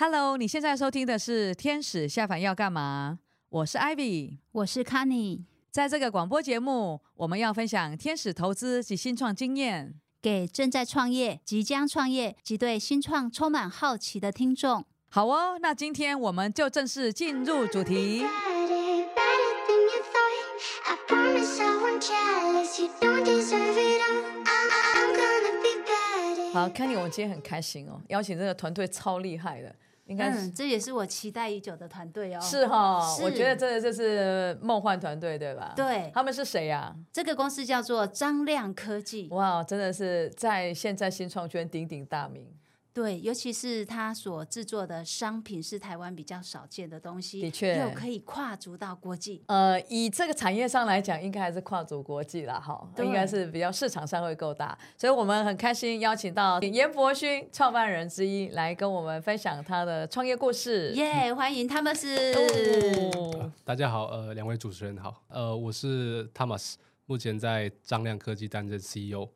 Hello，你現在收聽的是《天使下凡要幹嘛》？我是 Ivy，我是 Canny。在這個廣播節目，我們要分享天使投資及新創經驗，給正在創業、即將創業及對新創充滿好奇的聽眾。好哦，那今天我們就正式進入主題。好，Canny，我今天很開心哦，邀請這個團隊超厲害的。嗯，這也是我期待已久的團隊哦。是哈吼，是我覺得真的就是夢幻團隊，對吧？對，他們是誰呀、啊？這個公司叫做張量科技。哇，真的是在現在新創圈鼎鼎大名。對，尤其是他所制作的商品是台灣比較少見的東西，的確確又可以跨足到國際。呃，以這個產業上來講，應該還是跨足國際了哈，對應該是比較市場上會夠大，所以我們很開心邀請到顏伯勳創辦人之一來跟我們分享他的創業故事。耶，yeah, 歡迎 Thomas。是大家好，呃，兩位主持人好，呃，我是 Thomas，目前在張量科技擔任 CEO。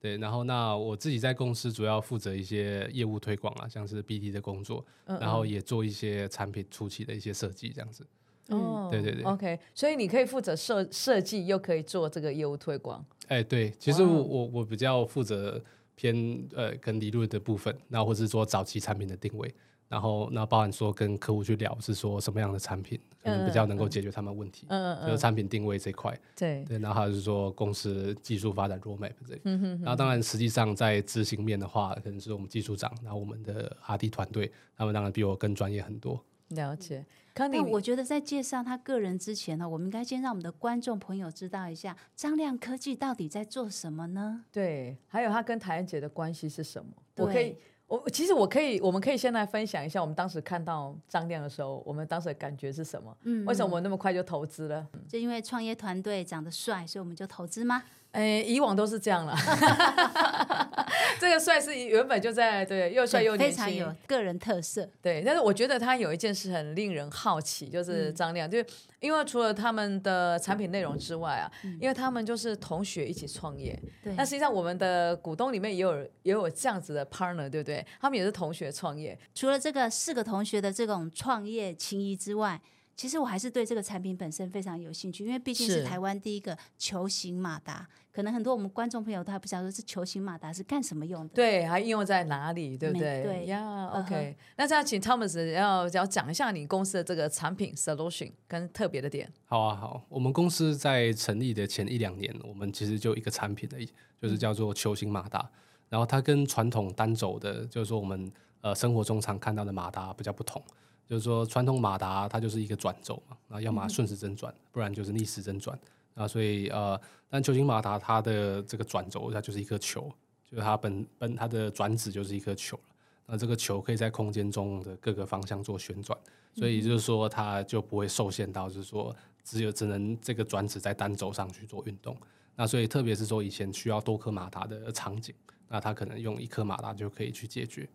對，然後那我自己在公司主要負責一些業務推廣啊，像是 B D 的工作，嗯嗯，然後也做一些產品初期的一些設計這樣子。嗯、對對對。O、okay, K，所以你可以負責設設計，又可以做這個業務推廣。哎，欸、對，其實我 Wow 我，我比較負責偏呃跟理論的部分，那或者是做早期產品的定位。然後，那包含說跟客戶去聊，是說什麼樣的產品、嗯、可能比較能夠解決他們問題，嗯、就是產品定位這塊。對、嗯嗯嗯、對，對然後還有就是說公司技術發展 roadmap 嗯，嗯，嗯然後，當然，實際上在執行面的話，可能是我們技術長，然後我們的 R&D 團隊，他們當然比我更專業很多。了解。那我覺得在介紹他個人之前呢、哦，我們應該先讓我們的觀眾朋友知道一下張量科技到底在做什麼呢？對，還有他跟台灣姐的關係是什麼？對我其實我可以，我們可以先來分享一下我們當時看到張量的時候，我們當時的感覺是什麼？嗯，為什麼我們那麼快就投資了？就因為創業團隊長得帥，所以我們就投資嗎？哎，以往都是這樣了。 這個帥是原本就在，對，又帥又年輕，非常有個人特色。對，但是我覺得他有一件事很令人好奇，就是張量，就是、嗯、因為除了他們的產品內容之外啊，嗯、因為他們就是同學一起創業。對、嗯。那實際上我們的股東裡面也有也有這樣子的 partner，對不對？他們也是同學創業。除了這個四個同學的這種創業情誼之外。其實我還是對這個產品本身非常有興趣，因為畢竟是台灣第一個球型馬達。是可能很多我們觀眾朋友他還不知道，說是球型馬達是幹什麼用的，對，還應用在哪裡，對不對？對呀 Yeah ,，OK, uh-huh. 那現在請 Thomas 要要講一下你公司的這個產品 solution 跟特別的點。好啊，好。我們公司在成立的前一兩年，我們其實就一個產品的，就是叫做球型馬達。然後它跟傳統單軸的，就是說我們呃生活中常看到的馬達比較不同。就是說，傳統馬達它就是一個轉軸嘛，那要麼順時針轉，嗯、不然就是逆時針轉。那所以呃，但球形馬達它的這個轉軸，它就是一顆球，就是它本本它的轉子就是一顆球，那這個球可以在空間中的各個方向做旋轉，所以就是說它就不會受限到就是說只有只能這個轉子在單軸上去做運動。那所以特別是說以前需要多顆馬達的場景，那它可能用一顆馬達就可以去解決。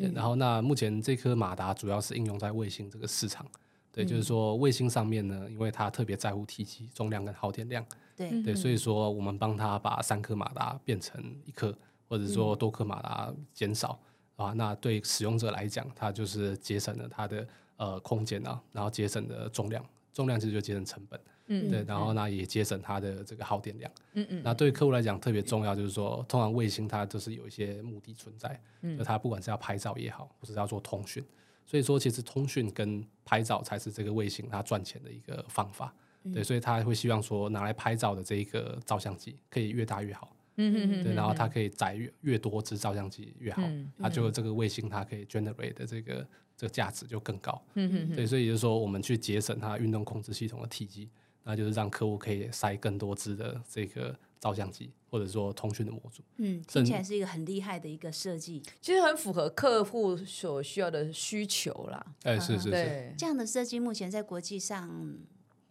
對然後，那目前這顆馬達主要是應用在衛星這個市場，對，就是說衛星上面呢，因為它特別在乎體積、重量跟耗電量，對、嗯、哼對，所以說我們幫它把三顆馬達變成一顆，或者說多顆馬達減少、嗯、啊，那對使用者來講，它就是節省了它的呃空間啊，然後節省的重量，重量其實就節省成本。嗯嗯對，然後呢，也節省它的這個耗電量。嗯嗯，那對客戶來講特別重要，就是說，通常衛星它都是有一些目的存在，就它不管是要拍照也好，或者要做通訊，所以說其實通訊跟拍照才是這個衛星它賺錢的一個方法。對，所以他會希望說拿來拍照的這一個照相機可以越大越好。嗯嗯嗯。對，然後它可以載越越多支照相機越好，嗯、哼哼哼，它就這個衛星它可以 generate 的這個這個價值就更高。嗯嗯。對，所以就是說我們去節省它運動控制系統的體積。那就是讓客戶可以塞更多支的這個照相機，或者說通訊的模組。嗯，是聽起來是一個很厲害的一個設計，其實很符合客戶所需要的需求啦。哎、嗯，是是是，對這樣的設計目前在國際上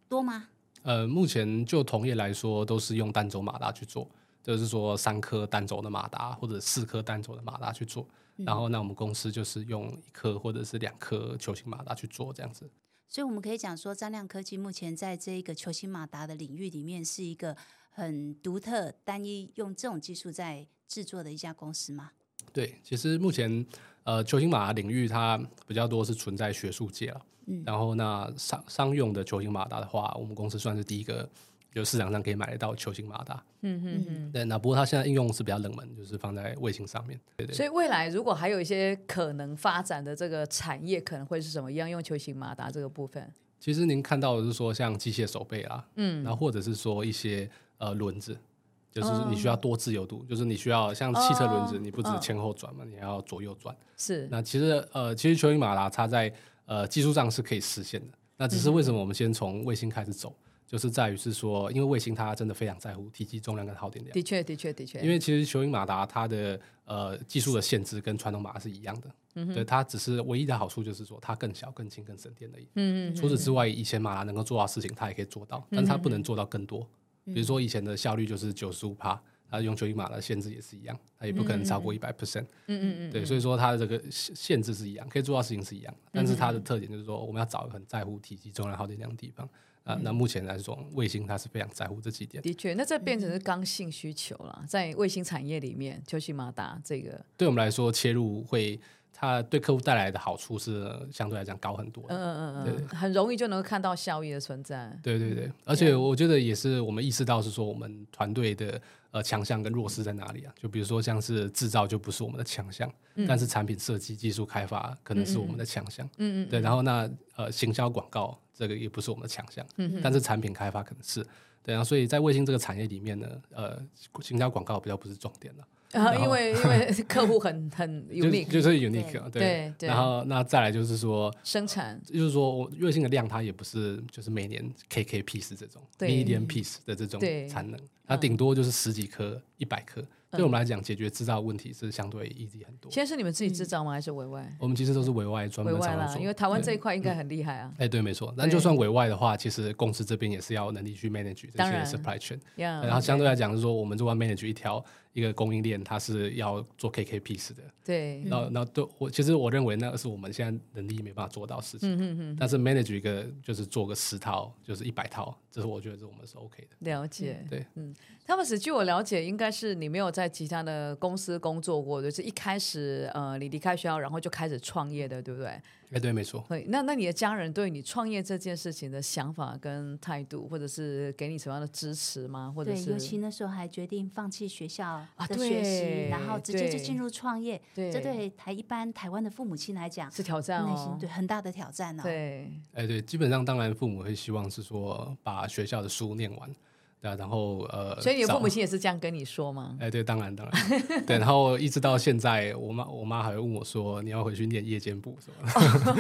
多嗎？呃，目前就同業來說，都是用單軸馬達去做，就是說三顆單軸的馬達或者四顆單軸的馬達去做。嗯、然後，那我們公司就是用一顆或者是兩顆球型馬達去做這樣子。所以我們可以講說，張量科技目前在這一個球形馬達的領域裡面，是一個很獨特、單一用這種技術在制作的一家公司嗎？對，其實目前呃球形馬達領域它比較多是存在學術界了，嗯，然後那商商用的球形馬達的話，我們公司算是第一個。就市場上可以買得到球形馬達，嗯嗯嗯，對。那不過它現在應用是比較冷門，就是放在衛星上面。對對、對。所以未來如果還有一些可能發展的這個產業，可能會是什麼？一樣用球形馬達這個部分。其實您看到的是說，像機械手臂啊，嗯，然後或者是說一些呃輪子，就是你需要多自由度，哦、就是你需要像汽車輪子，你不只前後轉嘛，哦、你要左右轉。是。那其實呃，其實球形馬達它在呃技術上是可以實現的。那只是為什麼我們先從衛星開始走？就是在於是說，因為衛星它真的非常在乎體積、重量跟耗電量。的確，的確，的確。因為其實球形馬達它的呃技術的限制跟傳統馬達是一樣的，嗯、哼對，它只是唯一的好處就是說它更小、更輕、更省電而已。嗯嗯哼。除此之外，以前馬達能夠做到的事情，它也可以做到，但是它不能做到更多。嗯、哼比如說以前的效率就是九十五帕，它用球形馬達限制也是一樣，它也不可能超過一百 percent。嗯嗯哼嗯。對，所以說它的這個限制是一樣，可以做到事情是一樣的，但是它的特點就是說，嗯、哼我們要找一個很在乎體積、重量、耗電量的地方。啊、嗯呃，那目前來說，衛星它是非常在乎這幾點的。的確，那這變成是剛性需求了，嗯、在衛星產業裡面，就球型馬達這個，對我們來說切入會，它對客戶帶來的好處是相對來講高很多。嗯嗯嗯嗯，對對對，很容易就能夠看到效益的存在。對對對，而且我覺得也是我們意識到是說，我們團隊的呃強項跟弱勢在哪裡啊？就比如說像是制造就不是我們的強項，嗯、但是產品設計、技術開發可能是我們的強項。嗯嗯，對，然後那呃行銷廣告。這個也不是我們的強項，嗯、哼但是產品開發可能是，對啊，所以在衛星這個產業裡面呢，呃，行銷廣告比較不是重點了，啊。然後因為因為客戶很很 unique，就是 unique，對對。然後那再來就是說生產，就是說衛星的量它也不是就是每年 K K piece 這種 medium piece 的這種產能，它頂多就是十幾顆一百顆。對我們來講，解決制造問題是相對 easy 很多。現在是你們自己制造嗎？還是委外？我們其實都是委外專門廠，因為台灣這一塊應該很厲害啊。哎，對，沒錯。但就算委外的話，其實公司這邊也是要能力去 manage 這些 supply chain。然後相對來講，就是說我們做完 manage 一條。一個供應鏈，它是要做 K K P S 的，對，那那都我其實我認為那個是我們現在能力沒辦法做到事情的。嗯、哼哼，但是 manage 一個就是做個十套，就是一百套，這是我覺得是我們是 OK 的。了解，嗯、對，嗯，他們是據我了解，應該是你沒有在其他的公司工作過，就是一開始呃，你離開學校然後就開始創業的，對不對？哎，欸、對，沒錯。那那你的家人對你創業這件事情的想法跟態度，或者是給你什麼樣的支持嗎？或者是對，尤其那時候還決定放棄學校的學習，啊、對然後直接就進入創業。對，這對台一般台灣的父母親來講是挑戰哦，對，很大的挑戰哦。對。哎，欸、對，基本上當然父母會希望是說把學校的書唸完。然後呃，所以你的父母親也是這樣跟你說嗎？哎，對，當然，當然。對，然後一直到現在，我媽我媽還會問我說：“你要回去念夜間部是吧？”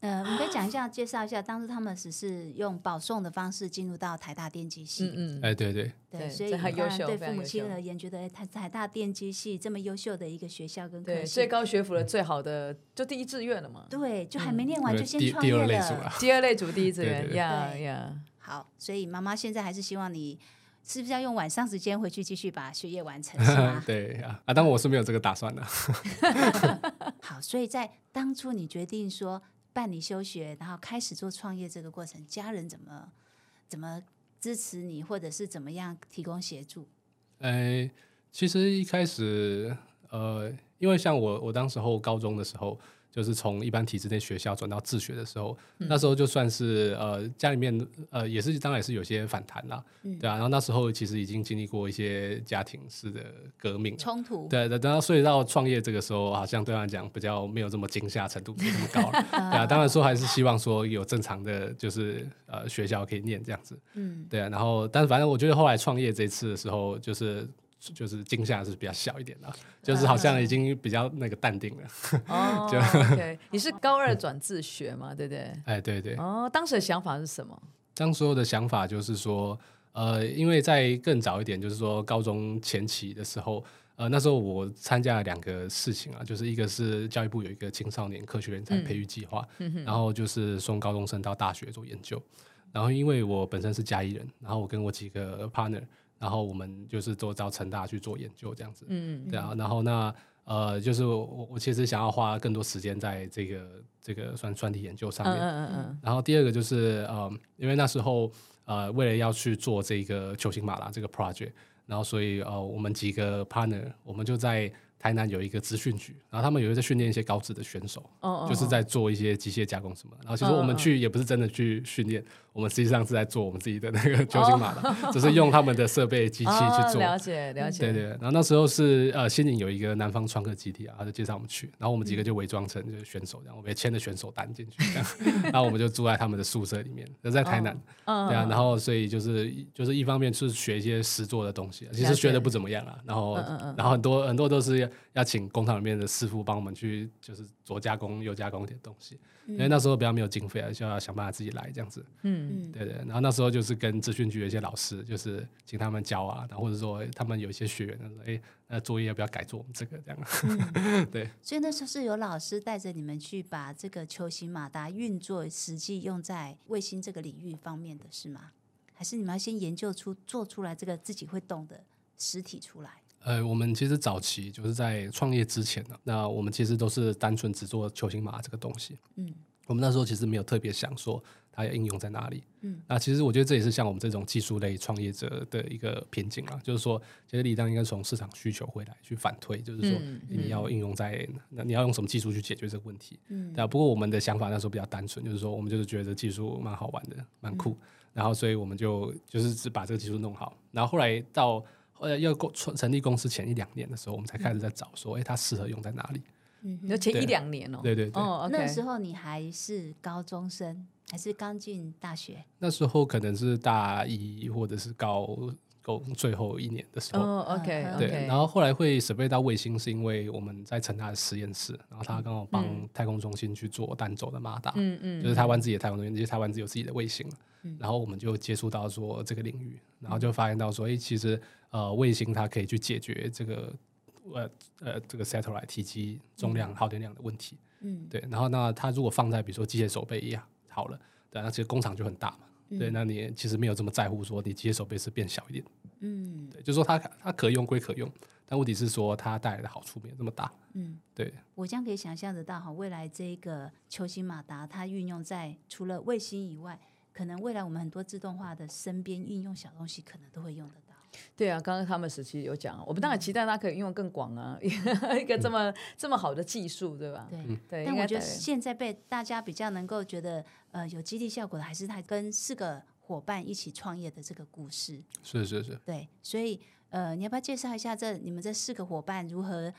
呃，我們可以講一下介紹一下，當時他們只是用保送的方式進入到台大電機系。嗯哎，對對對，所以當然對父母親而言，覺得台台大電機系這麼優秀的一個學校，跟對最高學府的最好的就第一志願了嘛。對，就還沒念完就先創業了，第二類組第一志願，呀呀。好，所以媽媽現在還是希望你是不是要用晚上時間回去繼續把學業完成？是嗎？ 對啊，當然我是沒有這個打算的。 好，所以在當初你決定說辦理休學，然後開始做創業這個過程，家人怎麼怎麼支持你，或者是怎麼樣提供協助？呃，其實一開始，呃，因為像我，我當時候高中的時候。就是從一般體制內學校轉到自學的時候，嗯、那時候就算是呃家裡面呃也是當然也是有些反彈啦，嗯、對啊。然後那時候其實已經經歷過一些家庭式的革命衝突，對對，然後所以到創業這個時候，好像對他來講比較沒有這麼驚嚇程度比較高， 對啊。當然說還是希望說有正常的，就是呃學校可以念這樣子，嗯，對啊。然後但是反正我覺得後來創業這一次的時候就是。就是驚嚇是比較小一點的，啊，就是好像已經比較那個淡定了。Oh, 就、okay. 你是高二轉自學嘛？嗯、對不對？哎，對對。哦，當時的想法是什麼？當時我的想法就是說，呃，因為在更早一點，就是說高中前期的時候，呃，那時候我參加了兩個事情啊，就是一個是教育部有一個青少年科學人才培育計劃，嗯、然後就是送高中生到大學做研究。然後因為我本身是嘉義人，然後我跟我幾個 partner。然後我們就是做到成大去做研究這樣子，嗯、啊、然後那呃，就是我我其實想要花更多時間在這個這個算專題研究上面。嗯嗯嗯然後第二個就是呃，因為那時候呃，為了要去做這個球型馬達這個 project，然後所以呃，我們幾個 partner，我們就在台南有一個資訊局，然後他們有在訓練一些高職的選手，哦哦、就是在做一些機械加工什麼，然後其實我們去、哦、也不是真的去訓練。我們實際上是在做我們自己的那個球型馬達的，oh, 就是用他們的設備機器去做。了解。oh, okay. oh, 了解。了解，嗯、對，對對。然後那時候是呃，新營有一個南方創客基地啊，他就介紹我們去，然後我們幾個就偽裝成就是選手，然後我們也簽着選手單進去這樣， 然後我們就住在他們的宿舍裡面，就是、在台南，oh, 對啊。Oh, 然後所以就是就是一方面是學一些實做的東西，啊，解其實學的不怎麼樣啊。然後嗯嗯嗯，然後很多很多都是要請工廠裡面的師傅幫我們去就是做加工，又加工一點東西。嗯、因為那時候比較沒有經費啊，就要想辦法自己來這樣子。嗯嗯，嗯對，對對。然後那時候就是跟資訊局的一些老師，就是請他們教啊，然後或者說他們有一些學員，他說：“哎、欸，那作業要不要改做我們這個？”這樣。嗯、 對。所以那時候是有老師帶着你們去把這個球型馬達運作實際用在衛星這個領域方面的是嗎？還是你們要先研究出做出來這個自己會動的實體出來？呃，我們其實早期就是在創業之前呢、啊，那我們其實都是單純只做球型馬達這個東西。嗯，我們那時候其實沒有特別想說它要應用在哪裡。嗯，那其實我覺得這也是像我們這種技術類創業者的一個瓶頸啊，就是說，其實理當應該從市場需求回來去反推，就是說、嗯、你要應用在哪、嗯、那你要用什麼技術去解決這個問題。嗯，啊，不過我們的想法那時候比較單純，就是說我們就是覺得技術蠻好玩的，蠻酷，嗯、然後所以我們就就是只把這個技術弄好。然後後來到。呃，要公成成立公司前一兩年的時候，我們才開始在找說，說哎、嗯欸，它適合用在哪裡？嗯哼，前對一兩年哦、喔，對對對，哦，okay、那時候你還是高中生，還是剛進大學？那時候可能是大一，或者是高。最後一年的時候，o、oh, k okay ,、okay. 對，然後後來會設備到衛星，是因為我們在成大的實驗室，然後他剛好幫太空中心去做單軸的馬達、嗯，嗯嗯，就是台灣自己的太空中心，因為台灣只有自己的衛星、嗯、然後我們就接觸到說這個領域，然後就發現到說，哎、欸，其實呃衛星它可以去解決這個呃呃這個 satellite 體積重量、嗯、耗電量的問題，嗯，對，然後那它如果放在比如說機械手臂一樣好了，對，那其實工廠就很大嘛。對，那你其實沒有這麼在乎，說你機械手臂是變小一點，嗯，對，就說它它可用歸可用，但問題是說它帶來的好處沒有這麼大，嗯，對。我將可以想象得到哈，未來這一個球形馬達它運用在除了衛星以外，可能未來我們很多自動化的身邊運用小東西，可能都會用得到。對啊，剛剛他們時期有講，我們當然期待他可以運用更廣啊，嗯、一個這麼、嗯、這麼好的技術，對吧？對，嗯、對。但我覺得現在被大家比較能夠覺得呃有激勵效果的，還是他跟四個夥伴一起創業的這個故事。是是是。對，所以呃，你要不要介紹一下這你們這四個夥伴如何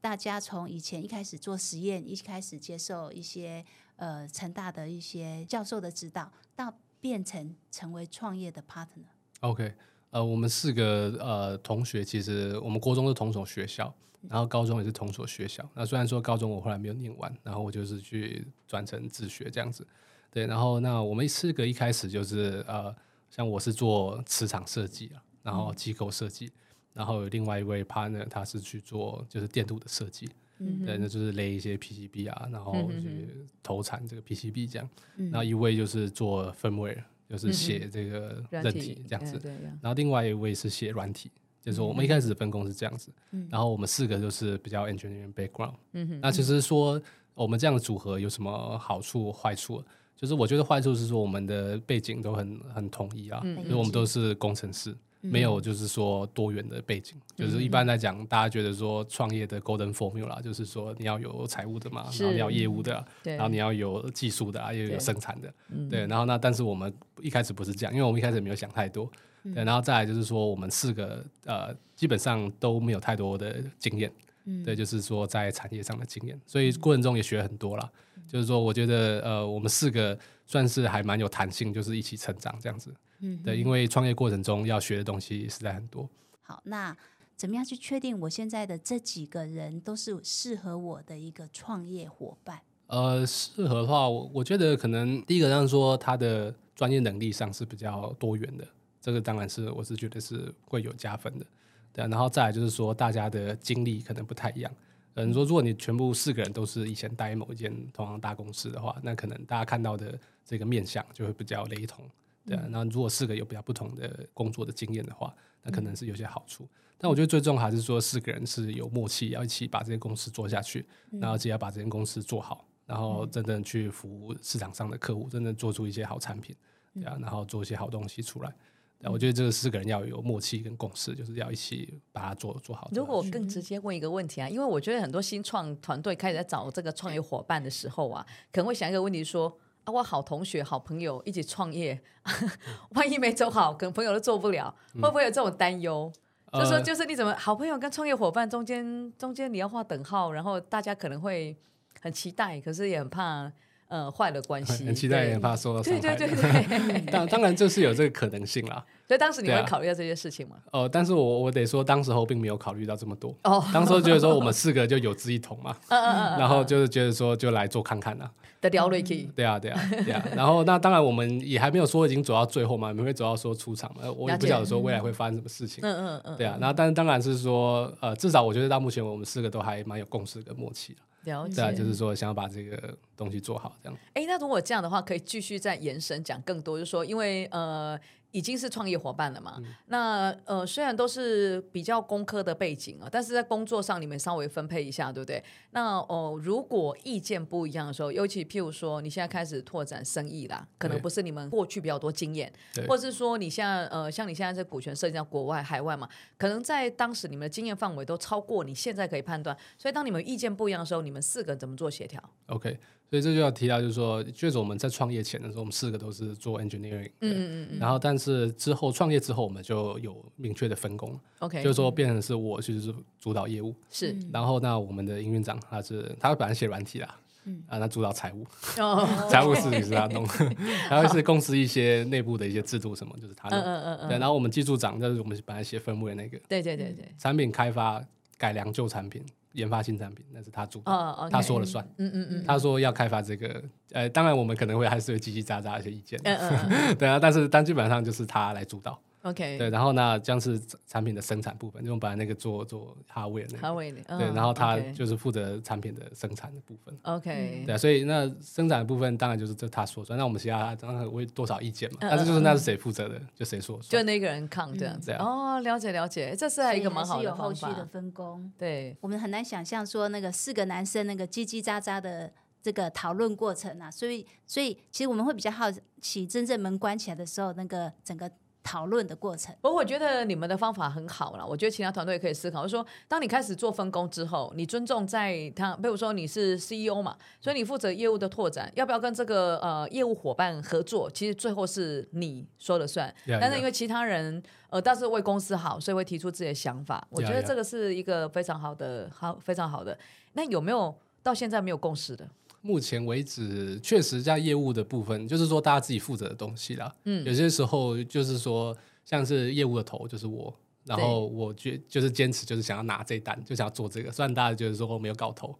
大家從以前一開始做實驗，一開始接受一些呃成大的一些教授的指導，到變成成為創業的 partner？OK、okay.。呃，我們四個呃同學，其實我們國中是同所學校，然後高中也是同所學校。那雖然說高中我後來沒有念完，然後我就是去轉成自學這樣子。對，然後那我們四個一開始就是呃，像我是做磁場設計啊，然後機構設計，嗯、然後有另外一位 partner 他是去做就是電鍍的設計，嗯哼，對，那就是 lay 一些 PCB 啊，然後去投產這個 PCB 這樣，那、嗯、哼一位就是做 firmware。就是寫這個韌體這樣子，然後另外一位是寫軟體，就是我們一開始的分工是這樣子，然後我們四個就是比較 engineering background，嗯哼，那其實說我們這樣的組合有什麼好處壞處？就是我覺得壞處是說，我們的背景都很很統一啊，因為我們都是工程師。沒有，就是說多元的背景，就是一般來講，嗯、大家覺得說創業的 Golden Formula 就是說你要有財務的嘛，是然後你要業務的，對然後你要有技術的啊，又有，有生產的，對，然後那但是我們一開始不是這樣，因為我們一開始沒有想太多，對，然後再來就是說我們四個呃基本上都沒有太多的經驗，嗯、對，就是說在產業上的經驗，所以過程中也學很多啦，嗯、就是說我覺得呃我們四個算是還蠻有彈性，就是一起成長這樣子。嗯，對，因為創業過程中要學的東西實在很多。好，那怎麼樣去確定我現在的這幾個人都是適合我的一個創業夥伴？呃，適合的話，我我覺得可能第一個上說他的專業能力上是比較多元的，這個當然是我是覺得是會有加分的。對啊，然後再來就是說大家的經歷可能不太一樣。嗯，說如果你全部四個人都是以前待某一間同樣大公司的話，那可能大家看到的這個面向就會比較雷同。對啊，那如果四個有比較不同的工作的經驗的話，那可能是有些好處。但我覺得最重還是說四個人是有默契，要一起把這些公司做下去，然後且要把這間公司做好，然後真正去服務市場上的客戶，真正做出一些好產品，對啊，然後做一些好東西出來。那，啊，我覺得這四個人要有默契跟共識，就是要一起把它做做好。做如果我更直接問一個問題啊，因為我覺得很多新創團隊開始在找這個創業夥伴的時候啊，可能會想一個問題說。啊，我好同學、好朋友一起創業呵呵，萬一沒走好，可能朋友都做不了，會不會有這種擔憂？嗯、就說，就是你怎麼好朋友跟創業夥伴中間，中間你要畫等號，然後大家可能會很期待，可是也很怕。呃，壞、嗯、的關係，很期待也怕受到傷害。對對對對，當 當然就是有這個可能性啦。所以當時你會考慮到這些事情嗎？哦、啊呃，但是我我得說，當時候並沒有考慮到這麼多。哦，當時候就是說我們四個就有志一同嘛，哦、 然後就是覺得說就來做看看啦。The l 對啊對啊對啊，對啊對啊 然後那當然我們也還沒有說已經走到最後嘛，我們會走到說出場嘛，我也不曉得說未來會發生什麼事情。嗯，嗯嗯嗯。對啊，那但是當然是說，呃，至少我覺得到目前我們四個都還蠻有共識跟默契的。了解。對，就是說，想要把這個東西做好，這樣。哎，那如果這樣的話，可以繼續再延伸講更多，就是說，因為呃。已經是創業夥伴了嘛？嗯、那呃，雖然都是比較工科的背景啊、哦，但是在工作上你們稍微分配一下，對不對？那哦、呃，如果意見不一樣的時候，尤其譬如說你現在開始拓展生意啦，可能不是你們過去比較多經驗，對或者是說你現在呃，像你現在這股權涉及到國外、海外嘛，可能在當時你們的經驗範圍都超過你現在可以判斷。所以當你們意見不一樣的時候，你們四個怎麼做協調？Okay。所以這就要提到，就是說，就是我們在創業前的時候，我們四個都是做 engineering。嗯嗯嗯，然後，但是之後創業之後，我們就有明確的分工。OK。就是說，變成是我、嗯、就是主導業務，是。然後，那我們的營運長他是他本來寫軟體啦，嗯、啊，他主導財務，哦 okay，財務事情，是他弄。好然後是公司一些內部的一些制度什麼，就是他弄。嗯嗯嗯嗯，對，然後我們技術長就是我們本來寫分部的那個。對，對對對對。產品開發、改良舊產品。研發新產品，那是他主導，Oh, okay. 他說了算。嗯嗯嗯嗯，他說要開發這個，呃，當然我們可能會還是會嘰嘰喳喳，一些意見。嗯嗯嗯 對啊，但是但基本上就是他來主導。OK，對，然後那將是產品的生產部分，就我們把那個做做 hardware 那個，對，然後他就是負責產品的生產的部分。OK，對，所以那生產的部分當然就是這他說了算，那我們其他當然為多少意見嘛，但是就是那是誰負責的就誰說，就那個人扛這樣這樣。哦，了解了解，這是一個蠻好的方法，有後續的分工，對我們很難想象說那個四個男生那個嘰嘰喳喳的這個討論過程啊，所以所以其實我們會比較好奇，真正門關起來的時候那個整個。討論的過程，我我覺得你們的方法很好了。我覺得其他團隊也可以思考，就是說，當你開始做分工之後，你尊重在他，比如說你是 CEO 嘛，所以你負責業務的拓展，要不要跟這個呃業務夥伴合作？其實最後是你說了算，yeah, yeah. 但是因為其他人呃，但是為公司好，所以會提出自己的想法。我覺得這個是一個非常好的，好非常好的。那有沒有到現在沒有共識的？目前為止，確實在業務的部分，就是說大家自己負責的東西啦。嗯，有些時候就是說，像是業務的頭就是我，然後我覺就是堅持，就是想要拿這一單，就想要做這個。雖然大家覺得說我沒有搞頭，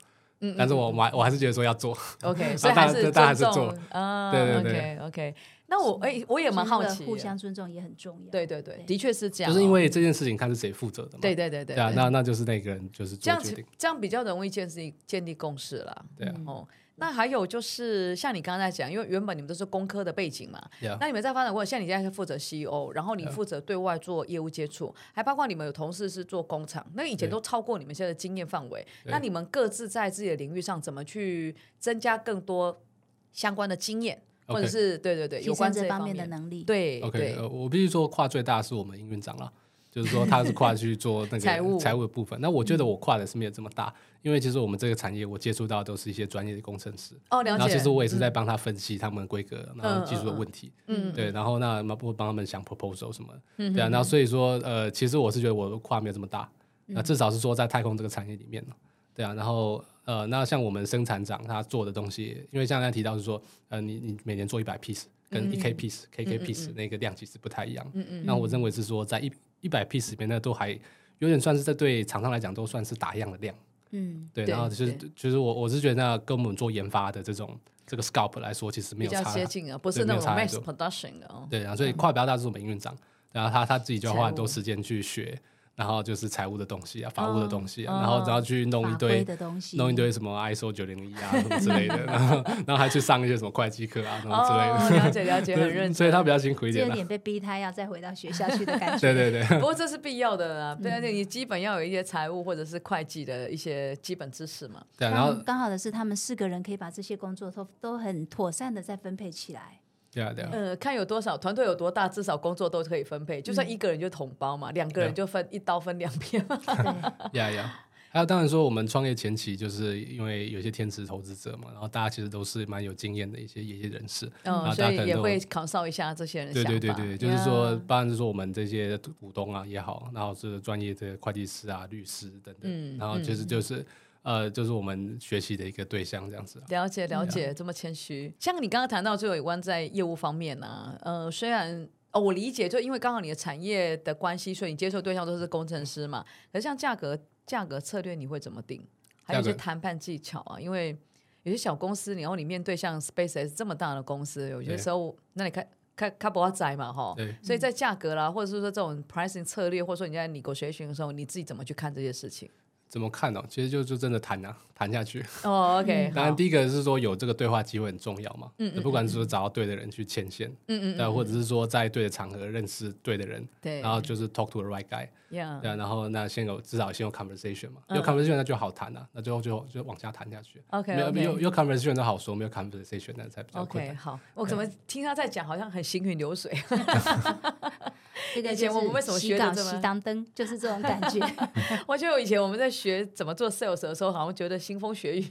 但是我我還是覺得說要做。OK，所以大家就大家做。對對對。OK，那我哎，我也蠻好奇，互相尊重也很重要。對對對，的確是這樣。就是因為這件事情，看是誰負責的嘛。對對對對。啊，那那就是那個人就是做決定，這樣比較容易建立建立共識了。對啊。那還有就是，像你剛剛在講，因為原本你們都是工科的背景嘛，Yeah. 那你們在發展過程，像你現在是負責 CEO，然後你負責對外做業務接觸，Yeah. 還包括你們有同事是做工廠，那以前都超過你們現在的經驗範圍，Yeah. 那你們各自在自己的領域上怎麼去增加更多相關的經驗，Okay. 或者是對對對，有關這方面、方面的能力？對，OK，對、呃、我必須說跨最大是我們營運長了。 就是說，他是跨去做那個財務的部分。 嗯、那我覺得我跨的是沒有這麼大，嗯、因為其實我們這個產業，我接觸到都是一些專業的工程師。哦、了解。然後其實我也是在幫他分析他們規格，嗯、然後技術的問題。嗯、對。然後那不幫他們想 proposal 什麼？嗯嗯對啊。然後所以說，呃，其實我是覺得我跨沒有這麼大。嗯、那至少是說在太空這個產業裡面嘛，對啊。然後呃，那像我們生產長他做的東西，因為像剛才提到是說，呃，你你每年做一百 piece。1 跟一 k piece，k k piece, 嗯嗯 k k piece 那個量其實不太一樣。那、嗯嗯嗯、我認為是說，在一一百 piece 邊，那都還有點算是在對廠商來講都算是打樣的量。嗯，對。對對然後就是對就是我我是覺得那跟我們做研發的這種這個 s c a l p 來說，其實沒有差接近啊，不是那種差 mass production 的。對，所以跨比較大的是我們院長，然後他他自己就要花很多時間去學。然後就是財務的東西啊，法務的東西啊，哦、然後然後去弄一堆，弄一堆什麼 ISO 九零零一啊什麼之類的 然，然後還去上一些什麼會計課啊什麼之類的。了解、哦、了解，了解 對很認真。所以他比較辛苦一點、啊。有點被逼他要再回到學校去的感覺。 對對對，不過這是必要的啦、啊。對啊，你基本要有一些財務或者是會計的一些基本知識嘛、嗯。然後剛好的是，他們四個人可以把這些工作都都很妥善的再分配起來。Yeah, yeah. 呃、看有多少團隊有多大，至少工作都可以分配。就算一個人就統包嘛，嗯、兩個人就分 Yeah. 一刀分兩片嘛。對啊，還有當然說，我們創業前期就是因為有些天使投資者嘛，然後大家其實都是蠻有經驗的一些業界人士，嗯、然後大家也會考哨一下這些人。對,對對對對，Yeah. 就是說，當然是說我們這些股東啊也好，然後是專業的會計師啊、律師等等，嗯、然後其實就是。嗯就是呃，就是我們學習的一個對象，這樣子。了解了解，了解這,樣這麼謙虛。像你剛剛談到最後一關，在業務方面呢、啊，呃，雖然、哦、我理解，就因為剛好你的產業的關係，所以你接觸對象都是工程師嘛。可是像價格、價格策略，你會怎麼定？還有一些談判技巧啊，格因為有些小公司，你然後你面對像 SpaceX 這麼大的公司，有些時候，對那你開開開不阿齋嘛，哈。對所以在價格啦，或者是說這種 pricing 策略，或者說你在 negotiation 的時候，你自己怎麼去看這些事情？怎麼看呢？其實就就真的談啊，談下去。哦，OK。當然，第一個是說有這個對話機會很重要嘛。不管是說找到對的人去牽線。嗯嗯。或者是說在對的場合認識對的人。然後就是 talk to the right guy。然後那先有至少先有 conversation 嘛。有 conversation 那就好談了，那最後就就往下談下去。OK。沒有沒有有 conversation 就好說，沒有 conversation 那才比較困難。OK，好。我怎麼聽他在講，好像很行雲流水。這個洗洗，以前我們為什麼學到這麼？ 就是這種感覺。 我覺得以前我們在學怎麼做 sales 的時候，好像覺得腥風血雨。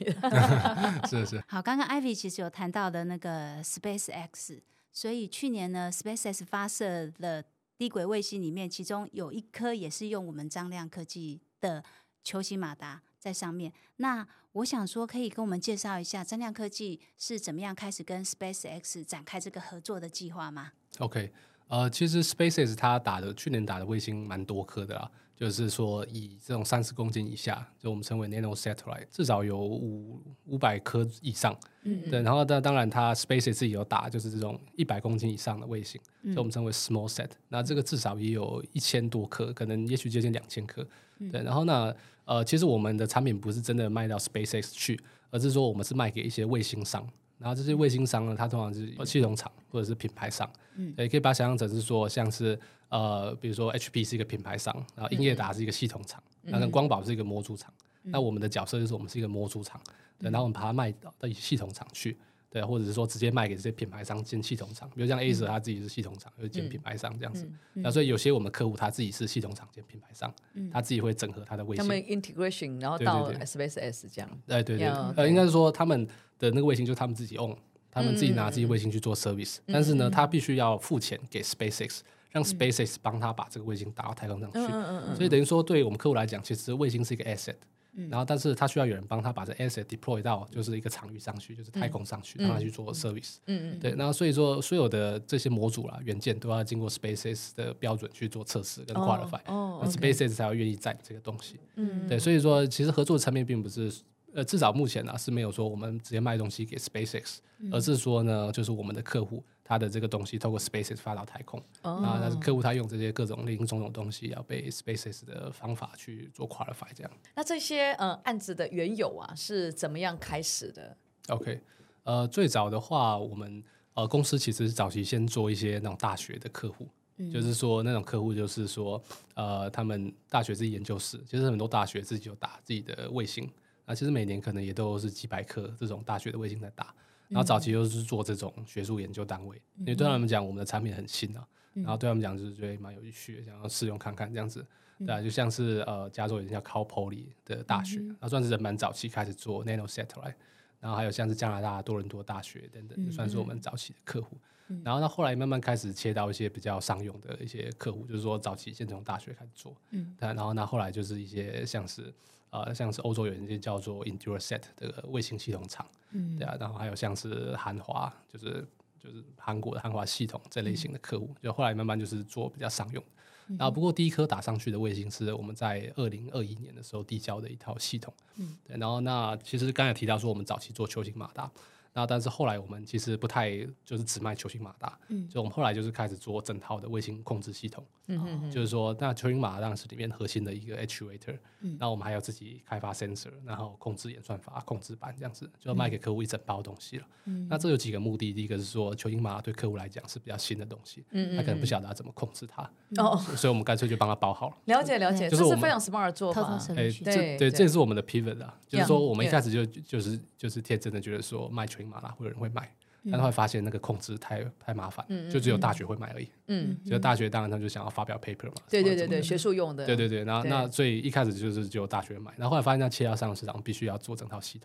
是是。好，剛剛 Ivy 其實有談到的那個 SpaceX，所以去年呢，SpaceX 發射的低軌衛星裡面，其中有一顆也是用我們張量科技的球型馬達在上面。那我想說，可以跟我們介紹一下張量科技是怎麼樣開始跟 SpaceX 展開這個合作的計劃嗎？OK。呃，其實 SpaceX 它打的去年打的衛星蠻多顆的啦，就是說以這種三十公斤以下，就我們稱為 nano satellite，至少有五五百顆以上，嗯嗯對。然後，但當然，它 SpaceX 自己有打，就是這種一百公斤以上的衛星，嗯、就我們稱為 small set，那這個至少也有一千多顆，可能也許接近兩千顆，對。嗯、然後，呢，呃，其實我們的產品不是真的賣到 SpaceX 去，而是說我們是賣給一些衛星商。然後這些衛星商呢，它通常是系統廠或者是品牌商，嗯，也可以把它想象成是說，像是呃，比如說 HP 是一個品牌商，然後英業達是一個系統廠，然後光寶是一個模組廠。那我們的角色就是我們是一個模組廠，對，然後我們把它賣到到系統廠去，對，或者是說直接賣給這些品牌商兼系統廠，比如像 Acer 它自己是系統廠，又兼品牌商這樣子。那所以有些我們客戶他自己是系統廠兼品牌商，他自己會整合他的衛星他們 integration，然後到 S V S 這樣。哎對，呃，應該是說他們。的那個衛星就是他們自己用，他們自己拿自己衛星去做 service，、嗯、但是呢，嗯、他必須要付錢給 SpaceX，讓 SpaceX 幫他把這個衛星打到太空上去。嗯、所以等於說，對於我們客戶來講，其實衛星是一個 asset，、嗯、然後但是他需要有人幫他把這 asset deploy 到就是一個場域上去，就是太空上去、嗯、讓他去做 service 嗯。嗯然對，然後所以說，所有的這些模組啦、元件都要經過 SpaceX 的標準去做測試跟 qualify，哦，哦，SpaceX 才會願意載這個東西。嗯，對，所以說，其實合作層面並不是。呃，至少目前呢、啊、是沒有說我們直接賣東西給 SpaceX，、嗯、而是說呢，就是我們的客戶他的這個東西透過 SpaceX 發到太空，啊、哦，但是客戶他用這些各種零零總總東西，要被 SpaceX 的方法去做 Qualify 這樣。那這些呃案子的緣由啊，是怎麼樣開始的？OK，呃，最早的話，我們呃公司其實是早期先做一些那種大學的客戶，嗯、就是說那種客戶就是說呃，他們大學自己研究室，其、就、實、是、很多大學自己就打自己的衛星。啊、其實每年可能也都是幾百顆這種大學的衛星在打，然後早期就是做這種學術研究單位，嗯、因為對他們講我們的產品很新啊，嗯、然後對他們講就是覺得蠻有趣的，想要試用看看這樣子，嗯、對啊，就像是呃加州有一叫 Cal Poly 的大學，那、嗯嗯、算是人蠻早期開始做 Nano Satellite，然後還有像是加拿大多倫多大學等等，就算是我們早期的客戶，嗯、然後那後來慢慢開始切到一些比較商用的一些客戶，就是說早期先從大學開始做、嗯啊，然後那後來就是一些像是。啊、呃，像是歐洲有人叫做 EnduroSat 的衛星系統廠，嗯、對啊，然後還有像是韓華，就是就是韓國的韓華系統這類型的客戶，嗯、就後來慢慢就是做比較商用。嗯、那不過第一顆打上去的衛星是我們在二零二一年的時候遞交的一套系統，嗯、對，然後那其實剛才提到說我們早期做球形馬達。那但是後來我們其實不太就是只賣球形馬達，嗯，所以我們後來就是開始做整套的衛星控制系統，嗯，就是說，那球形馬達是裡面核心的一個 actuator 嗯，然後我們還要自己開發 sensor，然後控制演算法、控制板這樣子，就賣給客戶一整包東西了。嗯，那這有幾個目的，第一個是說球形馬達對客戶來講是比較新的東西，嗯，他可能不曉得怎麼控制它，哦，所以我們乾脆就幫他包好了。了解了解，這是非常 smart 的做法，對對，這是我們的 pivot 啊，就是說我們一開始就就是就是天真的覺得說賣球馬拉會有人會買，但會發現那個控制太太麻煩，就只有大學會買而已。嗯，就大學當然他就想要發表 paper 嘛。對對對對，學術用的。對對對，然那所以一開始就是只有大學買，然後後來發現要切到商用市場，必須要做整套系統。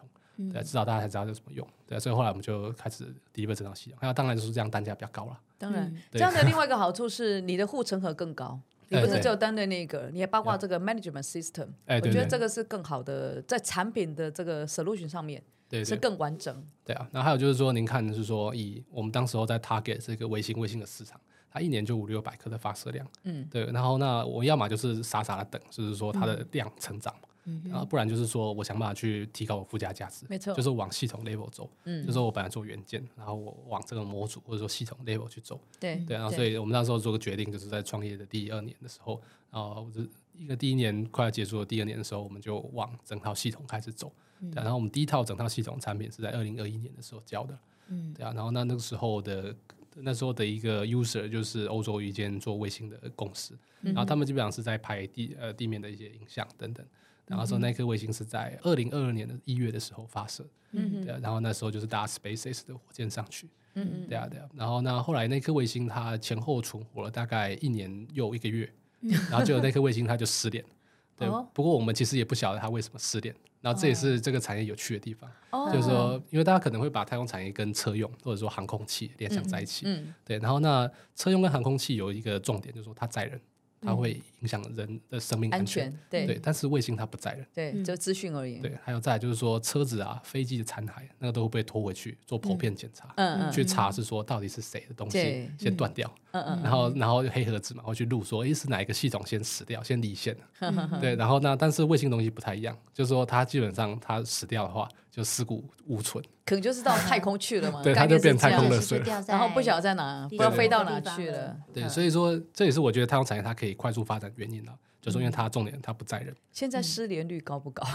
對，至少大家才知道要怎麼用。對，所以後來我們就開始 deliver 整套系統。那當然就是這樣單價比較高了。當然，這樣的另外一個好處是你的護城河更高，你不是只有針對那個，你也包括這個 management system。我覺得這個是更好的在產品的這個 solution 上面。對，對，是更完整。對啊，那還有就是說，您看就是說，以我們當時候在 target 這個衛星衛星的市場，它一年就五六百顆的發射量，嗯，對。然後那我要麼就是傻傻的等，就是說它的量成長，嗯、然後不然就是說我想辦法去提高我附加價值。沒錯就是往系統 level 走。嗯，就是我本來做元件，然後我往這個模組或者說系統 level 去走。對，對，對啊，對所以我們那時候做個決定，就是在創業的第二年的時候，然後我就一個第一年快要結束，第二年的時候我們就往整套系統開始走。嗯對啊、然後我們第一套整套系統產品是在二零二一年的時候交的。嗯，對啊。然後那那個時候的那時候的一個 user 就是歐洲一間做衛星的公司，嗯、哼然後他們基本上是在拍地呃地面的一些影像等等。然後說那顆衛星是在二零二二年的一月的時候發射。嗯哼，對啊。然後那時候就是搭 SpaceX 的火箭上去。嗯,嗯，對啊對啊。然後那後來那顆衛星它前後存活了大概一年又一個月。 然後就有那顆衛星，它就失聯。對，哦、不過我們其實也不曉得它為什麼失聯。然後這也是這個產業有趣的地方，哦、就是說，因為大家可能會把太空產業跟車用或者說航空器聯想在一起。嗯，嗯對。然後那車用跟航空器有一個重點，就是說它載人。它會影響人的生命安全，嗯、安全對，對，但是衛星它不載人，對，嗯、就資訊而言，對，還有在就是說車子啊、飛機的殘骸，那個都會被拖回去做剖片檢查，嗯嗯、去查是說到底是誰的東西先斷掉，嗯嗯、然後然後黑盒子嘛會去錄說，咦是哪一個系統先死掉，先離線、嗯嗯、對，然後呢，但是衛星的東西不太一樣，就是說它基本上它死掉的話。就屍骨無存，可能就是到太空去了嘛，對，他就變太空的水了，然後不曉得在哪，不知道飛到哪去了。對，所以說這也是我覺得太空產業它可以快速發展的原因了，就是因為它重點它不在人。現在失聯率高不高？